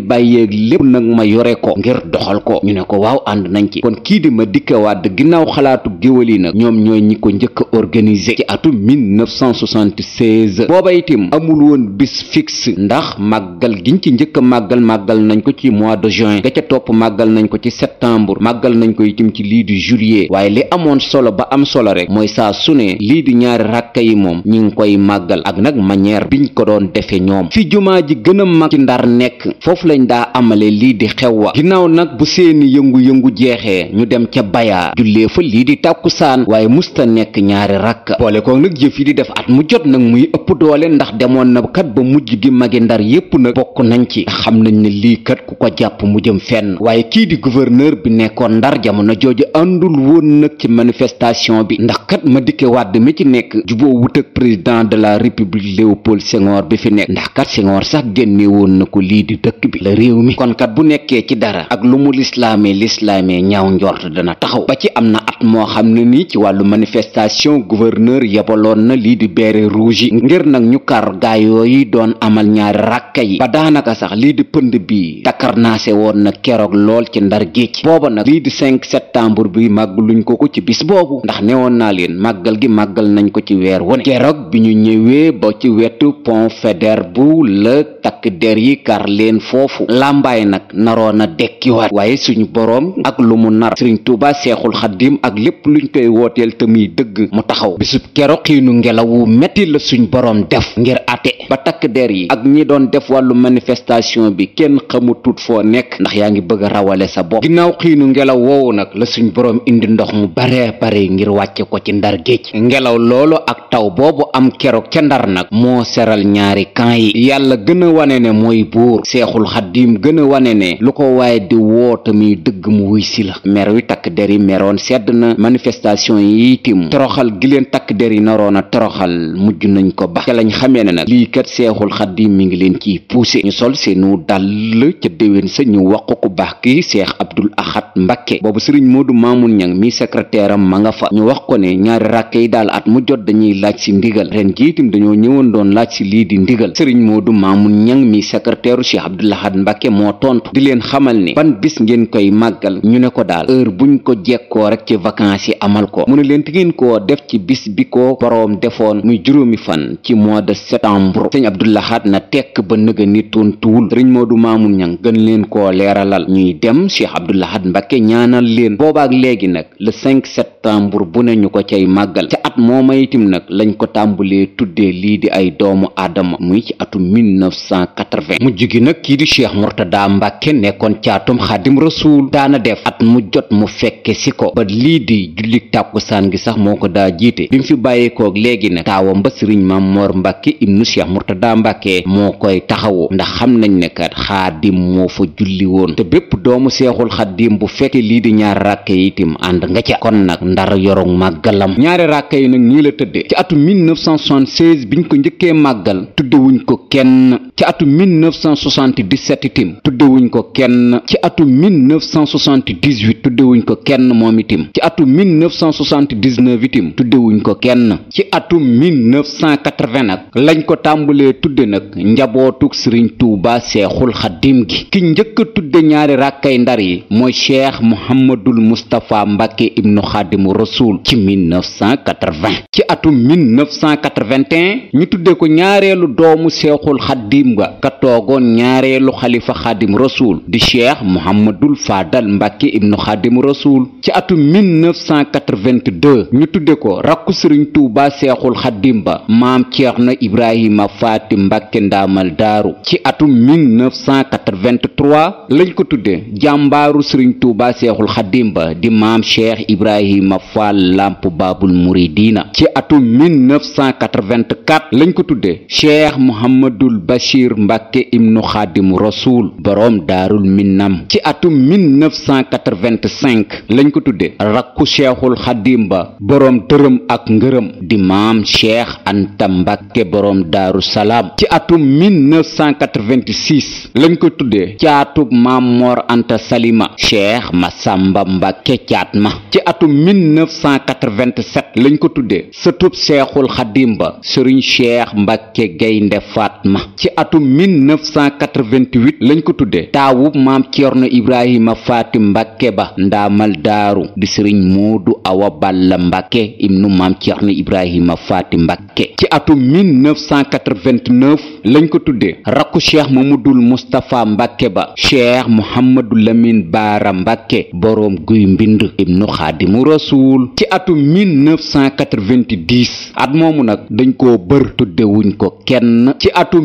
bàyyeeg lépp nag ma yore ko ngir doxal ko ñu ne ko waaw ànd nañ ci kon kii di ma dikk wadd ginnaaw xalaatu géwal yi nag ñoom ñooy ñi ko njëkk a organiser ci atum 1976 booba itim amul woon bis fixe ndax màggal giñ ci njëkk màggal màggal nañ ko ci mois de juin ga topp màggal nañ ko ci septembre màggal nañ ko itim ci lii di juillet waaye li amoon solo ba am solo rek mooy saa su ne lii di ñaari rakka yi moom ñi ngi koy màggal ak nag manière biñ ko doon defe ñoom fi jumaa ji gën mag ci ndar nekk foofu lañ daa amale lii di xewwa ginnaaw nag bu seeni yëngu-yëngu jeexee ñu dem ca bayaa jullee fa lii di tàkkusaan waaye musta nekk ñaari rakk boole ko nag jëf yi di def at mu jot nag muy ëpp doole ndax demoon na kat ba mujj gi magi ndar yépp nag bokk nañ ci xam nañ ne lii kat ku ko jàpp mu jëm fenn waaye kii di gouverneur bi nekkoon ndar jamono jooju àndul woon nag ci manifestation bi ndax kat ma dikke wàdd mi ci nekk juboo wut président de la république Léopold Senghor bi fi nekk la réew mi kon kat bu nekkee ci dara ak lu mu lislaame lislaame ñaaw njort dana taxaw ba ci am na at moo xam ne nii ci wàllu manifestation gouverneur yebaloon na lii di béere rouge yi ngir nag ñu kar gaayoo yi doon amal ñaari rakka yi ba daanaka sax lii di pënd bi takkar naase woon na keroog lool ci ndar gi ci booba nag lii di 5 septembre bi luñ ko ko ci bis boobu ndax newoon naa leen màggal gi màggal nañ ko ci weer wone keroog bi ñu ñëwee ba ci wetu pont Faidherbe bu la takk yi kar foofu làmbaay nag naroon a dekkiwaat waaye suñu boroom ak lu mu nar sëriñ tuuba seexul xaddim ak lépp luñ koy wooteel te muy dëgg mu taxaw bisub keroog xiinu ngelaw wu metti la suñu boroom def ngir àtte ba takk der yi ak ñi doon def wàllu manifestation bi kenn xamu tut foo nekk ndax yaa ngi bëgg a rawale sa bopp ginnaaw xiinu ngelaw woowu nag la suñu boroom indi ndox mu bare bare ngir wàcce ko ci ndar géej ngelaw loolu ak taw boobu am keroog ca ndar nag moo a xaddiim gën a wane ne lu ko waaye di woote muy dëgg mu wuy si la mer wi takk der yi meroon sedd na manifestation yi tim toroxal gi leen takk der yi naroon a toroxal mujj nañ ko ba te lañ xamee ne nag lii kat seexul xaddiim mi ngi leen ciy poussé ñu sol seenu dàll ca déwén sa ñu waqu ku baax ki seex abdul axat mbakke boobu sëriñ moodu maamun ñang mi secrétaire am ma nga fa ñu wax ko ne ñaari ràkke yi daal at mu jot dañuy laaj si ndigal ren jiitim dañoo ñëwoon doon laaj si lii di ndigal sëriñ moodu maamun ñang mi secrétaire u seex abdul Abdoulahat Mbacke moo tontu di leen xamal ni ban bis ngeen koy màggal ñu ne ko daal heure buñ ko jekkoo rek ci vacances yi amal ko mu ne leen te ngeen koo def ci bis bi ko boroom defoon muy juróomi fan ci mois de septembre sëñ Abdoulahat na tekk ba nëga ni tontuwul moo du Maamun Ñang gën leen koo leeralal ñuy dem Cheikh Abdoulahat mbakke ñaanal leen boobaak léegi nag le 5 septembre bu ne ñu ko cay màggal ca at mooma itim nag lañ ko tàmbalee tuddee lii di ay doomu aadama muy ci atum 1980 mujj gi nag cheikh murtada mbàkke nekkoon caatum xaadim rasuul daana def at mu jot mu fekke si ko ba lii di jullik tàkkusaan gi sax moo ko daa jiite bi mu fi bàyyikoog léegi nag taawam ba sëriñ maam moor mbàkke ibnu cheikh murtada mbàkke moo koy taxawu ndax xam nañ ne kat xaadim moo fa julli woon te bépp doomu seexul xaadim bu fekkee lii di ñaar ràkke itim ànd nga ca kon nag ndar yorong màggalam ñaari ràkke yi nag nii la tëddee ci atu 1976 biñ ko njëkkee màggal tuddewuñ ko kenn ci atu 1970 settim tuddewuñ ko kenn ci atum 1978 tuddewuñ ko kenn moom itim ci atum 1979 itim tuddewuñ ko kenn ci atum 1980 nag lañ ko tàmbalee tudde nag njabootug sëriñ tuuba seexul xaddim gi ki njëkk a tudde ñaari rakkay ndar yi mooy cheikh mohamadul mustapha mbàkke ibnu xaadimu rasul ci 1980 ci atum 1981 ñu tudde ko ñaareelu doomu seexul xaddim ga ka toogoon ñaareelu xalifa xaadim rasuul di cheikh mohamadul faadal mbàkke ibnu xaadim rasuul ci atum 1982 ñu tudde ko rakku sëriñ tuuba seexul xaadim ba maam ceerno ibrahima faati mbàkke ndaamal daaru ci atum 1983 lañ ko tudde jàmbaaru sëriñ tuuba seexul xaadim ba di maam cheikh ibrahima faal lamp baabul muridina ci atum 1984 lañ ko tudde cheikh mohamadul bachir mbàkke ibnu xaadim rasul boroom daarul minnam ci atum 1985 lañ ko tudde rakku cheikhul xadim ba boroom dërëm ak ngërëm di maam cheikh anta mbàkke boroom daaru salaam ci atum 1986 lañ ko tudde caatub maam moor anta salima ma masamba mbàkke caat ma ci atum 1987 lañ ko tudde sëtub cheikhul xadim ba sëriñ cheikh mbàkke gaynde faatma ci atum 28 lañ ko tuddee taawub maam Cerno Ibrahima Faati Mbàkke ba ndaamal daaru di sëriñ Moodu Awa Balla Mbàkke ibnu maam Cerno Ibrahima Faati Mbàkke ci atum 1989 lañ ko tuddee rakku cheikh Mamadul Mustapha Mbàkke ba cheikh Muhammadu Lamin Baara Mbàkke boroom guy mbind ibnu Xaadimu Rasuul ci atum 1990 at moomu nag dañ koo bër tuddewuñ ko kenn ci atum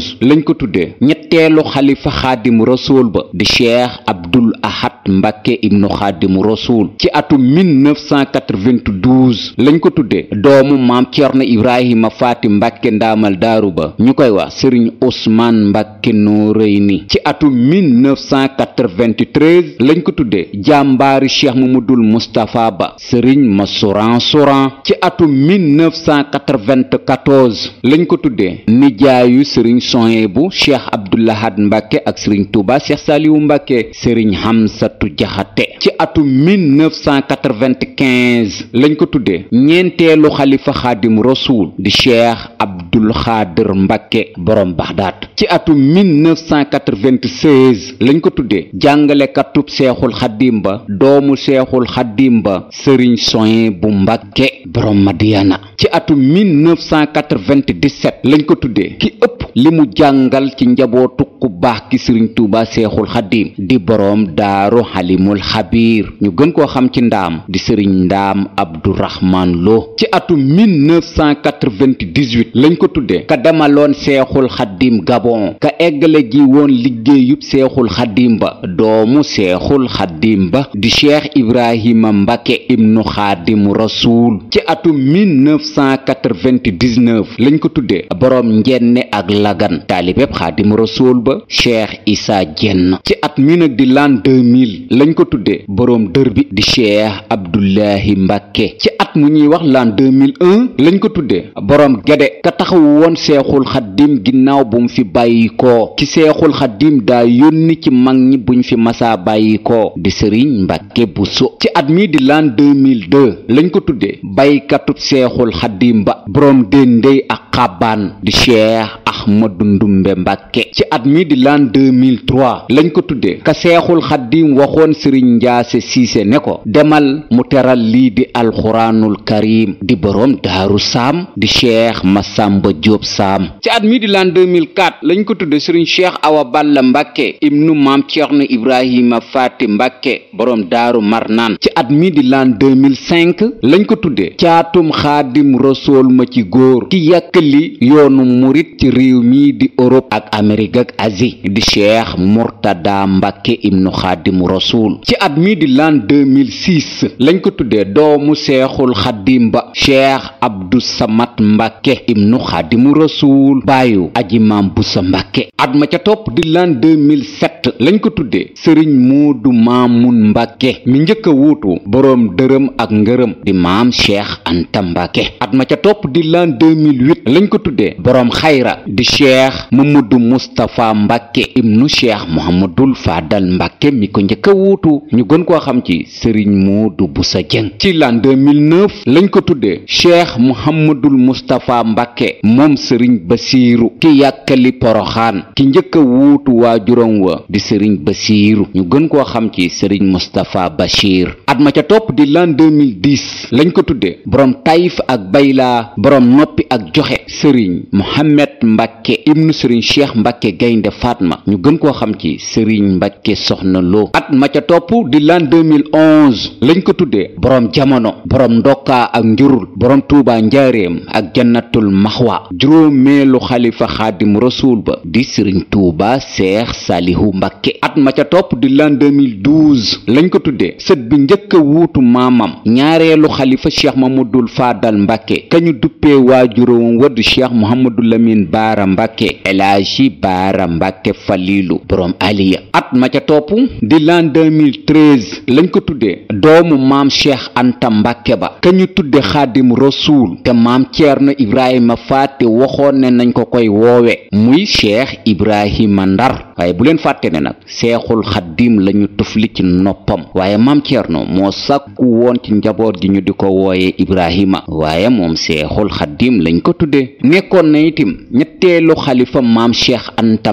15 lañ ko tuddee ñetteelu xalifa xaadimu rasuul ba di cheikh abdul ahad mbàkke ibnu xaadimu rasuul ci atum 1992 lañ ko tuddee doomu maam cerno ibrahima faati mbàkke ndaamal daaru ba ñu koy wax sëriñ usmaan mbàkke ni ci atum 1993 lañ ko tuddee jàmbaari cheikh mamadul mustapha ba sëriñ masuran suran ci atum 1994 lañ ko tuddee nijaayu sëriñ soin bu cheikh abdoulahat mbàkke ak sëriñ touba cheikh saaliwu mbàkke sëriñ xamsatu jaxate ci atum 1995 lañ ko tuddee ñeenteelu xalifa xaadim rasuul di cheikh abdul xaadir mbàkke borom baxdaat ci atum 1996 lañ ko tuddee jàngalekatub seexul xadim ba doomu seexul xadim ba sëriñ soin bu mbakke borom madiana ci atum 1997 lañ ko tuddee ki ëpp mu jàngal ci njabootu ku baax ki sëriñ tuuba seexul xaddiim di boroom daaru xalimul xabiir ñu gën koo xam ci ndaam di sëriñ ndaam abdurahmaan lo ci atum 1998 lañ ko tudde ka damaloon seexul xaddiim gabon ka eggale ji woon liggéeyub seexul xaddiim ba doomu seexul xaddiim ba di cheikh ibrahima mbake ibnu xaadimu rasuul ci atum 1999 lañ ko tudde boroom njenne ak la Dagana taalibeb xaadimu rasuul ba Cheikh Issa Diène ci at mi nag di l'an 2000 lañ ko tuddee boroom dër bi di Cheikh Abdoulahi Mbacke ci at mu ñuy wax l'an 2001 lañ ko tuddee boroom gede ka taxawu woon seexul xaddim ginnaaw bu mu fi bàyyi ko ci seexul xaddim daa yónni ci mag ñi buñ fi masaa bàyyi ko di sëriñ bu Bousso ci at mi di l'an 2002 lañ ko tuddee baykatub seexul xaddim ba boroom déndéy ak xàbbaan di Cheikh ahmadu ndumbe mbàkke ci at mi di l'an 2003 lañ ko tuddee ka seexul xaddim waxoon sëriñ njaase siise ne ko demal mu teral lii di alxuraanul karim di boroom daaru saam di cheikh masamba jóob saam ci at mi di l'an 2004 lañ ko tuddee sëriñ cheikh awa balla mbàkke ibnu maam ceerno ibrahima faati mbàkke boroom daaru marnaan ci at mi di l'an 2005 lañ ko tuddee caatum xaadim rasool ma ci góor ki yàkkali yoonu murit ci réew réew mii di Europe ak Amérique ak Asie di Cheikh Mourtada Mbacke ibnu Xaadimu Rasul ci at mii di l'an 2006 lañ ko tuddee doomu Seexul Xaadim ba Cheikh Abdou Samad Mbacke ibnu Xaadimu Rasul baayu aji maam sa Mbacke at ma ca topp di l'an 2007 lañ ko tuddee Sëriñ Moodu Maamun Mbacke mi njëkk a wuutu boroom dërëm ak ngërëm di maam Cheikh Anta Mbacke at ma ca topp di l'an 2008 ko tuddee boroom xayra di di cheikh mamadou moustapha mbàkke ibnu cheikh mohamadul faadal mbàkke mi ko njëkk a wuutu ñu gën koo xam ci sëriñ moodu busa jëng ci l'an 2009 lañ ko tuddee cheikh mohamadul moustapha mbàkke moom sëriñ basiiru ki yàkkali poroxaan ki njëkk a wuutu waajuram wa di sëriñ basiiru ñu gën koo xam ci sëriñ moustapha bachir at ma ca topp di l'an 2010 lañ ko tuddee borom tayif ak bayla borom noppi ak joxe sëriñ mohamed mbàkke mbàkke cheikh mbàkke gaynde faatma ñu gën koo xam ci sëriñ mbàkke soxna loo at ma topp di l'an 2011 lañ ko tuddee boroom jamono boroom ndokka ak njurul boroom tuubaa njaareem ak jannatul maxwa juróomeelu xalifa xaadim rasuul ba di sëriñ tuubaa seex saalihu mbàkke at ma topp di l'an 2012 lañ ko tuddee sët bi njëkk wuutu maamam ñaareelu xalifa cheikh mamadul faadal mbàkke kañu duppee waajuróom wadu cheikh mohamadul lamin baara baara mbàkke elaaji baara mbàkke falilu boroom ya at ma ca topp di l'an 2013 lañ ko tuddee doomu maam cheikh anta mbàkke ba ka ñu tudde xaadim rasuul te maam ceerno ibrahima faati waxoon ne nañ ko koy woowe muy cheikh ibrahima ndar waaye bu leen fàtte ne nag seexul xaddim lañu tufli ci noppam waaye maam ceerno moo sàkku woon ci njaboot gi ñu di ko wooye ibrahima waaye moom seexul xaddim lañ ko tuddee nekkoon na itim ñett ñetteelu xalifa maam cheikh anta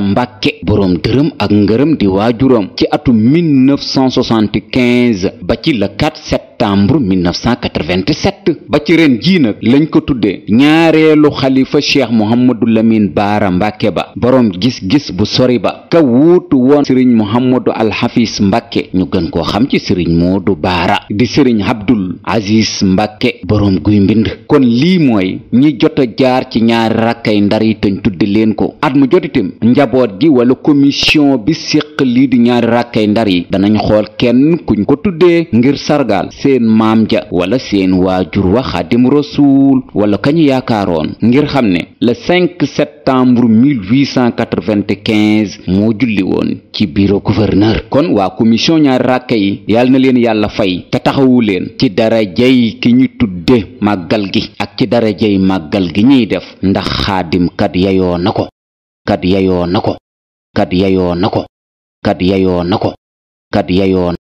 boroom dërëm ak ngërëm di waajuram ci atum 1975 ba ci le 4 septembre 1987 ba ci ren jii nag lañ ko tuddee ñaareelu xalifa cheikh mohamadu lamin baara mbàkke ba boroom gis-gis bu sori ba ka wuutu woon sëriñ mohamadu alxafis mbàkke ñu gën koo xam ci sëriñ du baara di sëriñ abdul aziz mbàkke boroom guy mbind kon lii mooy ñi jot a jaar ci ñaari rakkay ndar yi teñ tudde leen ko at mu jotitam njaboot gi wala wàllu commission bi séq lii di ñaari rakkay ndar yi danañ xool kenn kuñ ko tuddee ngir sargaal seen maam ja wala seen waajur wa xadim rasuul wala kañu yaakaaroon ngir xam ne le 5 septembre 1895 moo julli woon ci bureau gouverneur kon waa commission ñaari ràkke yi yàlla na leen yàlla fay te taxawu leen ci dara darajay ki ñu tudde màggal gi ak ci dara darajay màggal gi ñuy def ndax xaadim kat yayoo na ko kat yayoo ko kat yayoo na ko kat yayoo na ko kat yayoo